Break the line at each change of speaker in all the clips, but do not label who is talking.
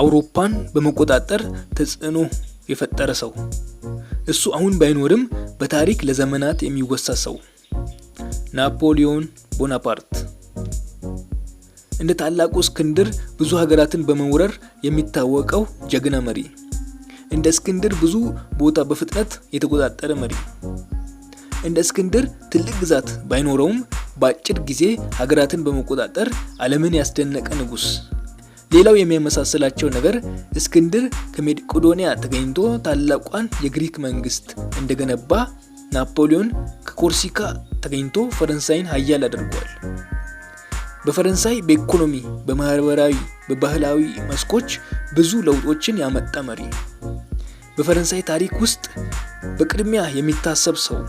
አውሮፓን በመቆጣጠር ተጽዕኖ የፈጠረ ሰው። እሱ አሁን ባይኖርም በታሪክ ለዘመናት የሚወሳ ሰው ናፖሊዮን ቦናፓርት እንደ ታላቁ እስክንድር ብዙ ሀገራትን በመውረር የሚታወቀው ጀግና መሪ፣ እንደ እስክንድር ብዙ ቦታ በፍጥነት የተቆጣጠረ መሪ። እንደ እስክንድር ትልቅ ግዛት ባይኖረውም በአጭር ጊዜ ሀገራትን በመቆጣጠር አለምን ያስደነቀ ንጉስ ሌላው የሚያመሳስላቸው ነገር እስክንድር ከሜቄዶንያ ተገኝቶ ታላቋን የግሪክ መንግስት እንደገነባ፣ ናፖሊዮን ከኮርሲካ ተገኝቶ ፈረንሳይን ሀያል አድርጓል። በፈረንሳይ በኢኮኖሚ፣ በማህበራዊ፣ በባህላዊ መስኮች ብዙ ለውጦችን ያመጣ መሪ። በፈረንሳይ ታሪክ ውስጥ በቅድሚያ የሚታሰብ ሰው።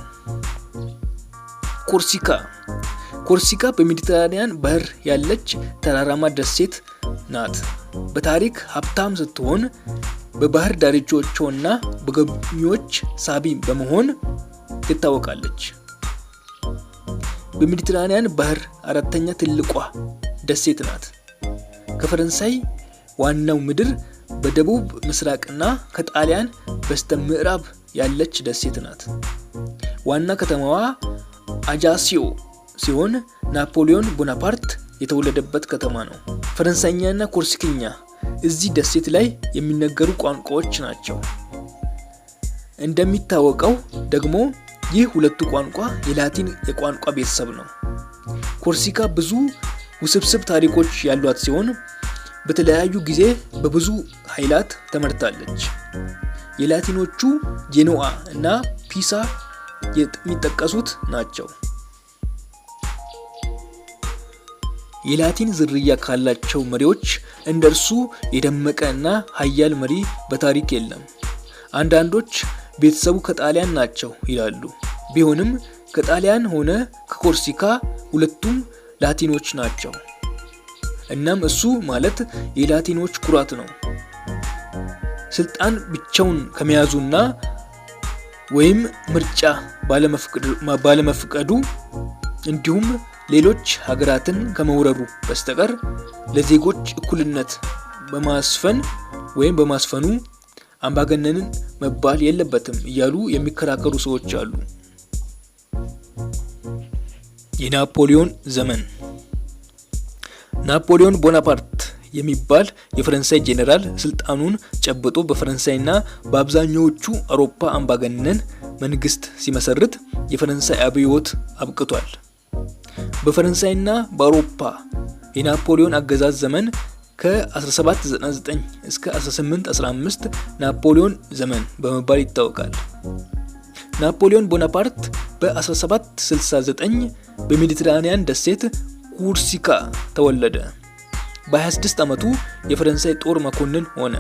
ኮርሲካ ኮርሲካ በሜዲትራኒያን ባህር ያለች ተራራማ ደሴት ናት። በታሪክ ሀብታም ስትሆን በባህር ዳርቻዎቿና በጎብኚዎች ሳቢ በመሆን ትታወቃለች። በሜዲትራንያን ባህር አራተኛ ትልቋ ደሴት ናት። ከፈረንሳይ ዋናው ምድር በደቡብ ምስራቅና ከጣሊያን በስተ ምዕራብ ያለች ደሴት ናት። ዋና ከተማዋ አጃሲዮ ሲሆን ናፖሊዮን ቦናፓርት የተወለደበት ከተማ ነው። ፈረንሳይኛና ኮርሲክኛ እዚህ ደሴት ላይ የሚነገሩ ቋንቋዎች ናቸው። እንደሚታወቀው ደግሞ ይህ ሁለቱ ቋንቋ የላቲን የቋንቋ ቤተሰብ ነው። ኮርሲካ ብዙ ውስብስብ ታሪኮች ያሏት ሲሆን በተለያዩ ጊዜ በብዙ ኃይላት ተመርታለች። የላቲኖቹ ጄኖዋ እና ፒሳ የሚጠቀሱት ናቸው። የላቲን ዝርያ ካላቸው መሪዎች እንደ እርሱ የደመቀ እና ሀያል መሪ በታሪክ የለም። አንዳንዶች ቤተሰቡ ከጣሊያን ናቸው ይላሉ። ቢሆንም ከጣሊያን ሆነ ከኮርሲካ ሁለቱም ላቲኖች ናቸው። እናም እሱ ማለት የላቲኖች ኩራት ነው። ስልጣን ብቻውን ከመያዙና ወይም ምርጫ ባለመፍቀዱ እንዲሁም ሌሎች ሀገራትን ከመውረሩ በስተቀር ለዜጎች እኩልነት በማስፈን ወይም በማስፈኑ አምባገነንን መባል የለበትም እያሉ የሚከራከሩ ሰዎች አሉ። የናፖሊዮን ዘመን ናፖሊዮን ቦናፓርት የሚባል የፈረንሳይ ጄኔራል ስልጣኑን ጨብጦ በፈረንሳይና በአብዛኛዎቹ አውሮፓ አምባገነን መንግስት ሲመሰርት የፈረንሳይ አብዮት አብቅቷል። በፈረንሳይና በአውሮፓ የናፖሊዮን አገዛዝ ዘመን ከ1799 እስከ 1815 ናፖሊዮን ዘመን በመባል ይታወቃል። ናፖሊዮን ቦናፓርት በ1769 በሜዲትራኒያን ደሴት ኩርሲካ ተወለደ። በ26 ዓመቱ የፈረንሳይ ጦር መኮንን ሆነ።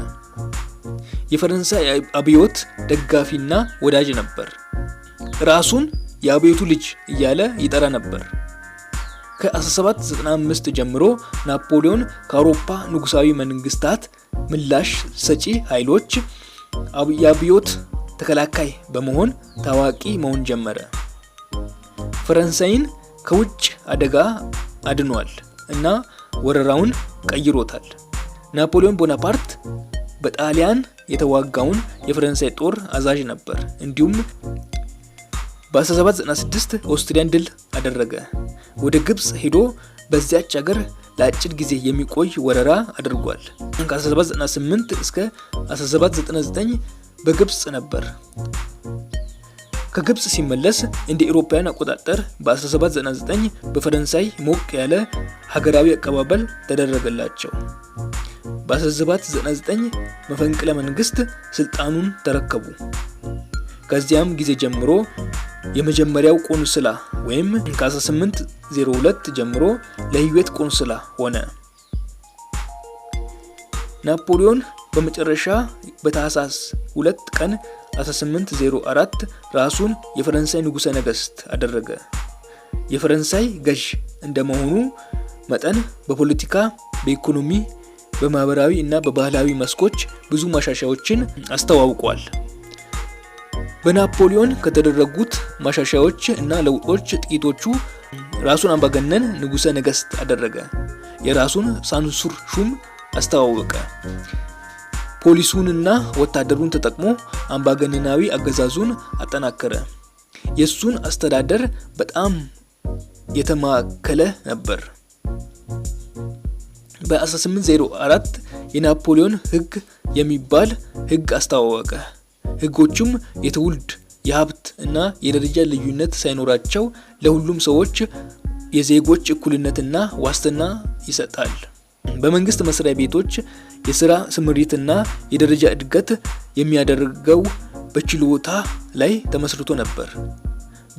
የፈረንሳይ አብዮት ደጋፊና ወዳጅ ነበር። ራሱን የአብዮቱ ልጅ እያለ ይጠራ ነበር። ከ1795 ጀምሮ ናፖሊዮን ከአውሮፓ ንጉሳዊ መንግስታት ምላሽ ሰጪ ኃይሎች የአብዮት ተከላካይ በመሆን ታዋቂ መሆን ጀመረ። ፈረንሳይን ከውጭ አደጋ አድኗል እና ወረራውን ቀይሮታል። ናፖሊዮን ቦናፓርት በጣሊያን የተዋጋውን የፈረንሳይ ጦር አዛዥ ነበር። እንዲሁም በ1796 ኦስትሪያን ድል አደረገ። ወደ ግብፅ ሄዶ በዚያች ሀገር ለአጭር ጊዜ የሚቆይ ወረራ አድርጓል። ከ1798 እስከ 1799 በግብፅ ነበር። ከግብፅ ሲመለስ እንደ ኢሮፓውያን አቆጣጠር በ1799 በፈረንሳይ ሞቅ ያለ ሀገራዊ አቀባበል ተደረገላቸው። በ1799 መፈንቅለ መንግስት ስልጣኑን ተረከቡ። ከዚያም ጊዜ ጀምሮ የመጀመሪያው ቆንስላ ወይም ከ1802 ጀምሮ ለህይወት ቆንስላ ሆነ። ናፖሊዮን በመጨረሻ በታህሳስ 2 ቀን 1804 ራሱን የፈረንሳይ ንጉሠ ነገሥት አደረገ። የፈረንሳይ ገዥ እንደመሆኑ መጠን በፖለቲካ፣ በኢኮኖሚ፣ በማህበራዊ እና በባህላዊ መስኮች ብዙ ማሻሻያዎችን አስተዋውቋል። በናፖሊዮን ከተደረጉት ማሻሻያዎች እና ለውጦች ጥቂቶቹ ራሱን አምባገነን ንጉሰ ነገስት አደረገ። የራሱን ሳንሱር ሹም አስተዋወቀ። ፖሊሱንና ወታደሩን ተጠቅሞ አምባገነናዊ አገዛዙን አጠናከረ። የእሱን አስተዳደር በጣም የተማከለ ነበር። በ1804 የናፖሊዮን ህግ የሚባል ህግ አስተዋወቀ። ህጎቹም የትውልድ የሀብት እና የደረጃ ልዩነት ሳይኖራቸው ለሁሉም ሰዎች የዜጎች እኩልነትና ዋስትና ይሰጣል። በመንግስት መስሪያ ቤቶች የስራ ስምሪትና የደረጃ እድገት የሚያደርገው በችሎታ ላይ ተመስርቶ ነበር።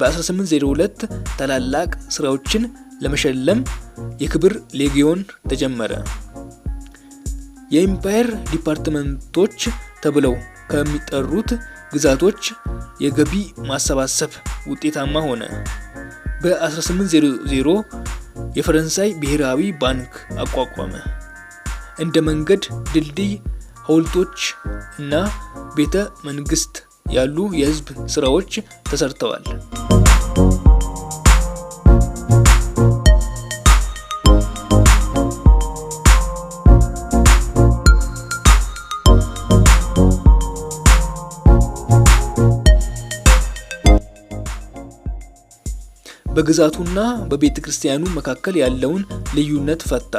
በ1802 ታላላቅ ስራዎችን ለመሸለም የክብር ሌጊዮን ተጀመረ። የኢምፓየር ዲፓርትመንቶች ተብለው ከሚጠሩት ግዛቶች የገቢ ማሰባሰብ ውጤታማ ሆነ። በ1800 የፈረንሳይ ብሔራዊ ባንክ አቋቋመ። እንደ መንገድ፣ ድልድይ፣ ሐውልቶች እና ቤተ መንግስት ያሉ የህዝብ ስራዎች ተሰርተዋል። በግዛቱና በቤተ ክርስቲያኑ መካከል ያለውን ልዩነት ፈታ።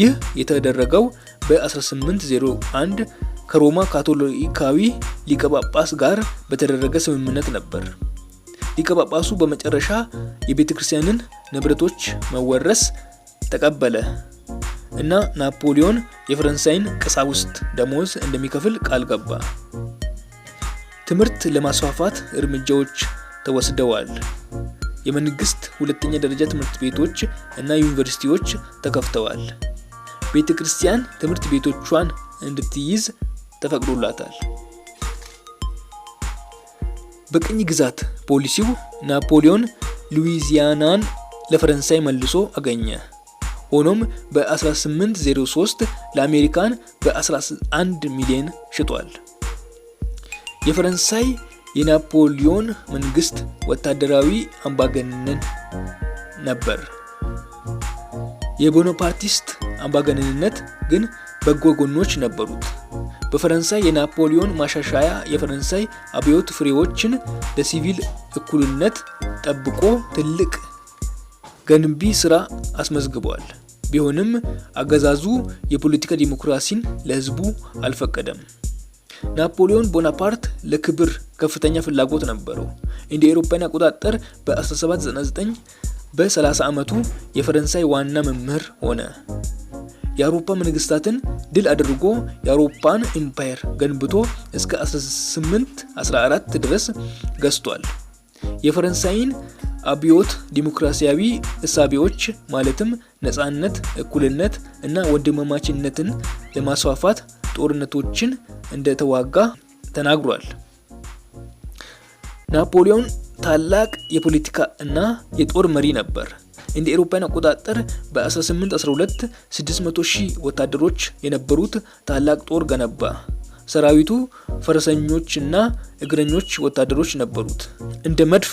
ይህ የተደረገው በ1801 ከሮማ ካቶሊካዊ ሊቀ ጳጳስ ጋር በተደረገ ስምምነት ነበር። ሊቀ ጳጳሱ በመጨረሻ የቤተ ክርስቲያንን ንብረቶች መወረስ ተቀበለ እና ናፖሊዮን የፈረንሳይን ቀሳውስት ደሞዝ እንደሚከፍል ቃል ገባ። ትምህርት ለማስፋፋት እርምጃዎች ተወስደዋል። የመንግስት ሁለተኛ ደረጃ ትምህርት ቤቶች እና ዩኒቨርሲቲዎች ተከፍተዋል። ቤተ ክርስቲያን ትምህርት ቤቶቿን እንድትይዝ ተፈቅዶላታል። በቅኝ ግዛት ፖሊሲው ናፖሊዮን ሉዊዚያናን ለፈረንሳይ መልሶ አገኘ። ሆኖም በ1803 ለአሜሪካን በ11 ሚሊዮን ሽጧል። የፈረንሳይ የናፖሊዮን መንግስት ወታደራዊ አምባገነን ነበር። የቦኖፓርቲስት አምባገነንነት ግን በጎ ጎኖች ነበሩት። በፈረንሳይ የናፖሊዮን ማሻሻያ የፈረንሳይ አብዮት ፍሬዎችን ለሲቪል እኩልነት ጠብቆ ትልቅ ገንቢ ስራ አስመዝግቧል። ቢሆንም አገዛዙ የፖለቲካ ዲሞክራሲን ለህዝቡ አልፈቀደም። ናፖሊዮን ቦናፓርት ለክብር ከፍተኛ ፍላጎት ነበረው። እንደ ኤሮፓን አቆጣጠር በ1799 በ30 ዓመቱ የፈረንሳይ ዋና መምህር ሆነ። የአውሮፓ መንግስታትን ድል አድርጎ የአውሮፓን ኢምፓየር ገንብቶ እስከ 1814 ድረስ ገዝቷል። የፈረንሳይን አብዮት ዲሞክራሲያዊ እሳቤዎች ማለትም ነፃነት፣ እኩልነት እና ወንድማማችነትን ለማስፋፋት ጦርነቶችን እንደተዋጋ ተናግሯል። ናፖሊዮን ታላቅ የፖለቲካ እና የጦር መሪ ነበር። እንደ ኤሮፓን አቆጣጠር በ1812 600 ሺህ ወታደሮች የነበሩት ታላቅ ጦር ገነባ። ሰራዊቱ ፈረሰኞች እና እግረኞች ወታደሮች ነበሩት። እንደ መድፍ፣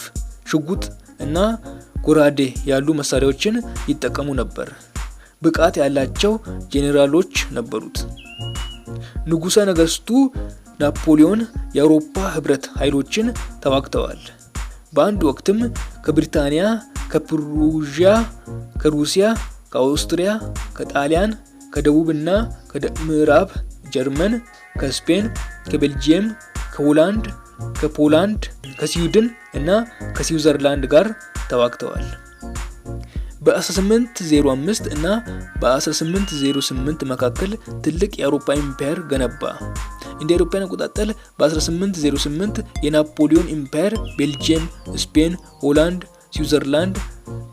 ሽጉጥ እና ጎራዴ ያሉ መሳሪያዎችን ይጠቀሙ ነበር። ብቃት ያላቸው ጄኔራሎች ነበሩት። ንጉሠ ነገሥቱ ናፖሊዮን የአውሮፓ ህብረት ኃይሎችን ተዋግተዋል። በአንድ ወቅትም ከብሪታንያ፣ ከፕሩዥያ፣ ከሩሲያ፣ ከአውስትሪያ፣ ከጣሊያን፣ ከደቡብ እና ከምዕራብ ጀርመን፣ ከስፔን፣ ከቤልጅየም፣ ከሆላንድ፣ ከፖላንድ፣ ከስዊድን እና ከስዊዘርላንድ ጋር ተዋግተዋል። በ1805 እና በ1808 መካከል ትልቅ የአውሮፓ ኢምፓየር ገነባ። እንደ አውሮፓውያን አቆጣጠር በ1808 የናፖሊዮን ኢምፓየር ቤልጅየም፣ ስፔን፣ ሆላንድ፣ ስዊዘርላንድ፣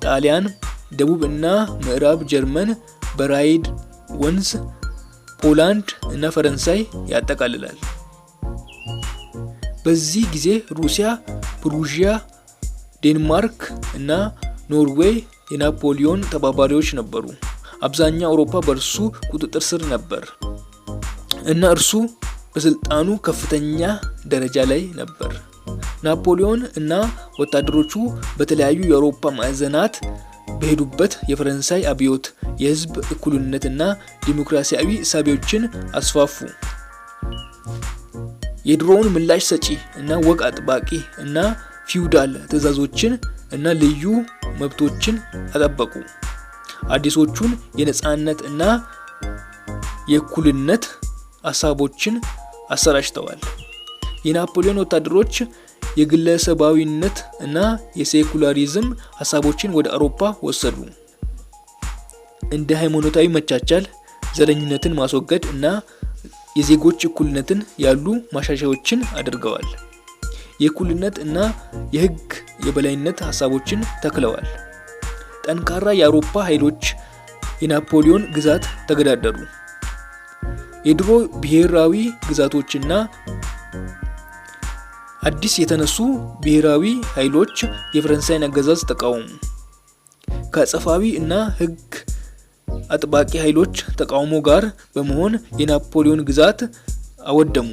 ጣሊያን፣ ደቡብ እና ምዕራብ ጀርመን በራይድ ወንዝ ፖላንድ እና ፈረንሳይ ያጠቃልላል። በዚህ ጊዜ ሩሲያ፣ ፕሩዥያ፣ ዴንማርክ እና ኖርዌይ የናፖሊዮን ተባባሪዎች ነበሩ። አብዛኛው አውሮፓ በእርሱ ቁጥጥር ስር ነበር እና እርሱ በስልጣኑ ከፍተኛ ደረጃ ላይ ነበር። ናፖሊዮን እና ወታደሮቹ በተለያዩ የአውሮፓ ማዕዘናት በሄዱበት የፈረንሳይ አብዮት የህዝብ እኩልነት እና ዲሞክራሲያዊ እሳቢዎችን አስፋፉ። የድሮውን ምላሽ ሰጪ እና ወቅ አጥባቂ እና ፊውዳል ትዕዛዞችን እና ልዩ መብቶችን አጠበቁ። አዲሶቹን የነፃነት እና የእኩልነት ሀሳቦችን አሰራጭተዋል። የናፖሊዮን ወታደሮች የግለሰባዊነት እና የሴኩላሪዝም ሀሳቦችን ወደ አውሮፓ ወሰዱ። እንደ ሃይማኖታዊ መቻቻል፣ ዘረኝነትን ማስወገድ እና የዜጎች እኩልነትን ያሉ ማሻሻዎችን አድርገዋል። የእኩልነት እና የህግ የበላይነት ሀሳቦችን ተክለዋል። ጠንካራ የአውሮፓ ኃይሎች የናፖሊዮን ግዛት ተገዳደሩ። የድሮ ብሔራዊ ግዛቶችና አዲስ የተነሱ ብሔራዊ ኃይሎች የፈረንሳይን አገዛዝ ተቃወሙ። ከጸፋዊ እና ሕግ አጥባቂ ኃይሎች ተቃውሞ ጋር በመሆን የናፖሊዮን ግዛት አወደሙ።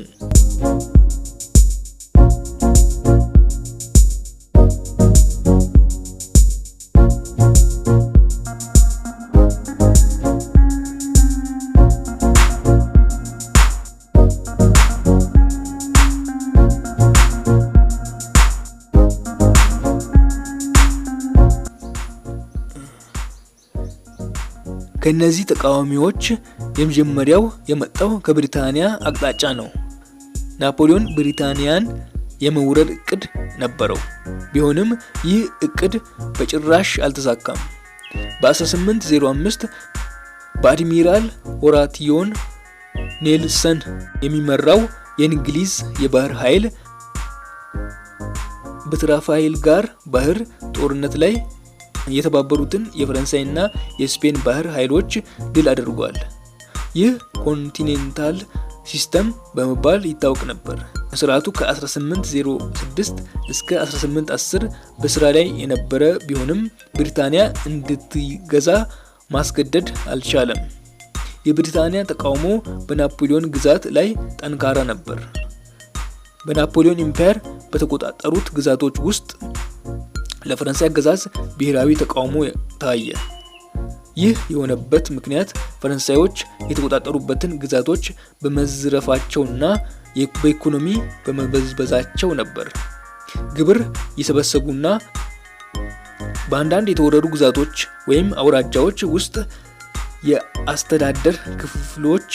ከእነዚህ ተቃዋሚዎች የመጀመሪያው የመጣው ከብሪታንያ አቅጣጫ ነው። ናፖሊዮን ብሪታንያን የመውረድ እቅድ ነበረው። ቢሆንም ይህ እቅድ በጭራሽ አልተሳካም። በ1805 በአድሚራል ኦራቲዮን ኔልሰን የሚመራው የእንግሊዝ የባህር ኃይል በትራፋይል ጋር ባህር ጦርነት ላይ የተባበሩትን የፈረንሳይና የስፔን ባህር ኃይሎች ድል አድርጓል። ይህ ኮንቲኔንታል ሲስተም በመባል ይታወቅ ነበር። ስርዓቱ ከ1806 እስከ 1810 በስራ ላይ የነበረ ቢሆንም ብሪታንያ እንድትገዛ ማስገደድ አልቻለም። የብሪታንያ ተቃውሞ በናፖሊዮን ግዛት ላይ ጠንካራ ነበር። በናፖሊዮን ኢምፓየር በተቆጣጠሩት ግዛቶች ውስጥ ለፈረንሳይ አገዛዝ ብሔራዊ ተቃውሞ ታየ። ይህ የሆነበት ምክንያት ፈረንሳዮች የተቆጣጠሩበትን ግዛቶች በመዝረፋቸውና በኢኮኖሚ በመበዝበዛቸው ነበር። ግብር የሰበሰቡና በአንዳንድ የተወረዱ ግዛቶች ወይም አውራጃዎች ውስጥ የአስተዳደር ክፍሎች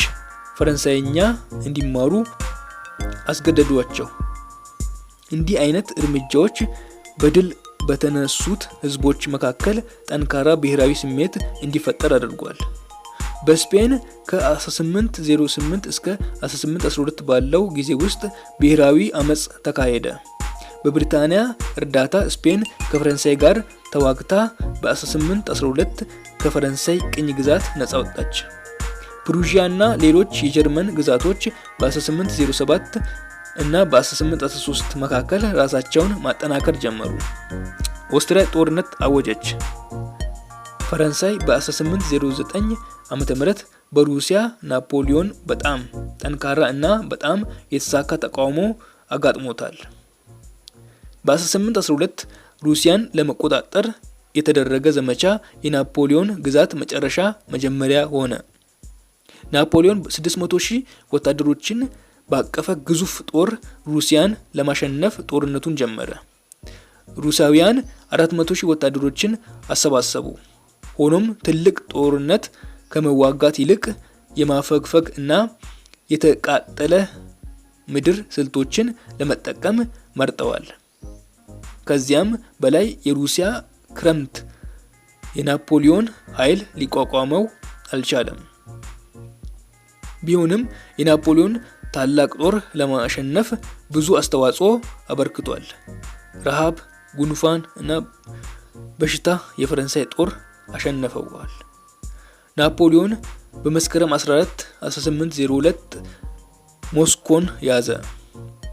ፈረንሳይኛ እንዲማሩ አስገደዷቸው። እንዲህ አይነት እርምጃዎች በድል በተነሱት ህዝቦች መካከል ጠንካራ ብሔራዊ ስሜት እንዲፈጠር አድርጓል። በስፔን ከ1808 እስከ 1812 ባለው ጊዜ ውስጥ ብሔራዊ አመፅ ተካሄደ። በብሪታንያ እርዳታ ስፔን ከፈረንሳይ ጋር ተዋግታ በ1812 ከፈረንሳይ ቅኝ ግዛት ነፃ ወጣች። ፕሩዥያ እና ሌሎች የጀርመን ግዛቶች በ1807 እና በ1813 መካከል ራሳቸውን ማጠናከር ጀመሩ። ኦስትሪያ ጦርነት አወጀች። ፈረንሳይ በ1809 ም በሩሲያ ናፖሊዮን በጣም ጠንካራ እና በጣም የተሳካ ተቃውሞ አጋጥሞታል። በ1812 ሩሲያን ለመቆጣጠር የተደረገ ዘመቻ የናፖሊዮን ግዛት መጨረሻ መጀመሪያ ሆነ። ናፖሊዮን 600 ሺህ ወታደሮችን ባቀፈ ግዙፍ ጦር ሩሲያን ለማሸነፍ ጦርነቱን ጀመረ። ሩሳውያን 400 ሺህ ወታደሮችን አሰባሰቡ። ሆኖም ትልቅ ጦርነት ከመዋጋት ይልቅ የማፈግፈግ እና የተቃጠለ ምድር ስልቶችን ለመጠቀም መርጠዋል። ከዚያም በላይ የሩሲያ ክረምት የናፖሊዮን ኃይል ሊቋቋመው አልቻለም። ቢሆንም የናፖሊዮን ታላቅ ጦር ለማሸነፍ ብዙ አስተዋጽኦ አበርክቷል። ረሃብ፣ ጉንፋን እና በሽታ የፈረንሳይ ጦር አሸነፈዋል። ናፖሊዮን በመስከረም 14 1802 ሞስኮን ያዘ።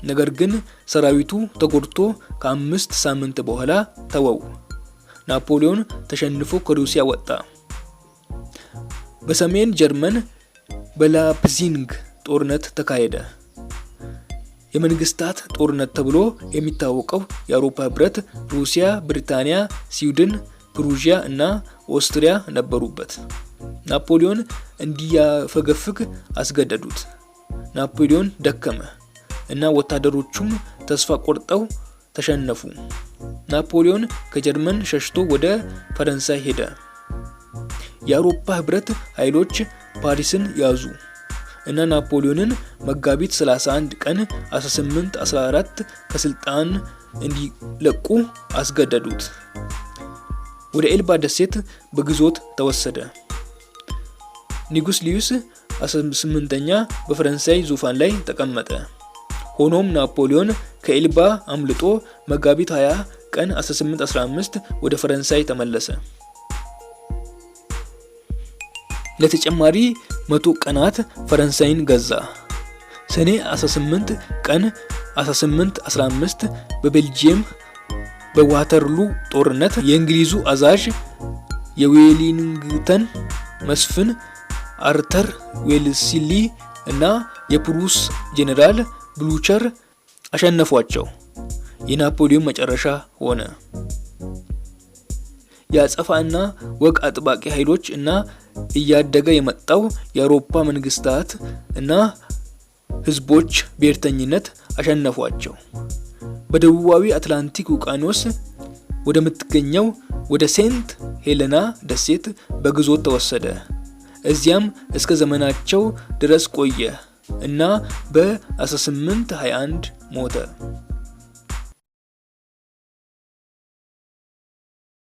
ነገር ግን ሰራዊቱ ተጎድቶ ከአምስት ሳምንት በኋላ ተወው። ናፖሊዮን ተሸንፎ ከሩሲያ ወጣ። በሰሜን ጀርመን በላፕዚንግ ጦርነት ተካሄደ። የመንግስታት ጦርነት ተብሎ የሚታወቀው የአውሮፓ ህብረት ሩሲያ፣ ብሪታንያ፣ ስዊድን፣ ፕሩዥያ እና ኦስትሪያ ነበሩበት። ናፖሊዮን እንዲያፈገፍግ አስገደዱት። ናፖሊዮን ደከመ እና ወታደሮቹም ተስፋ ቆርጠው ተሸነፉ። ናፖሊዮን ከጀርመን ሸሽቶ ወደ ፈረንሳይ ሄደ። የአውሮፓ ህብረት ኃይሎች ፓሪስን ያዙ። እና ናፖሊዮንን መጋቢት 31 ቀን 1814 ከስልጣን እንዲለቁ አስገደዱት። ወደ ኤልባ ደሴት በግዞት ተወሰደ። ኒጉስ ሊዩስ 18ኛ በፈረንሳይ ዙፋን ላይ ተቀመጠ። ሆኖም ናፖሊዮን ከኤልባ አምልጦ መጋቢት 20 ቀን 1815 ወደ ፈረንሳይ ተመለሰ። ለተጨማሪ መቶ ቀናት ፈረንሳይን ገዛ። ሰኔ 18 ቀን 1815 በቤልጅየም በዋተርሉ ጦርነት የእንግሊዙ አዛዥ የዌሊንግተን መስፍን አርተር ዌልሲሊ እና የፕሩስ ጄኔራል ብሉቸር አሸነፏቸው። የናፖሊዮን መጨረሻ ሆነ። የአጸፋ እና ወግ አጥባቂ ኃይሎች እና እያደገ የመጣው የአውሮፓ መንግስታት እና ህዝቦች ብሔርተኝነት አሸነፏቸው። በደቡባዊ አትላንቲክ ውቅያኖስ ወደምትገኘው ወደ ሴንት ሄለና ደሴት በግዞት ተወሰደ። እዚያም እስከ ዘመናቸው ድረስ ቆየ እና በ1821 ሞተ።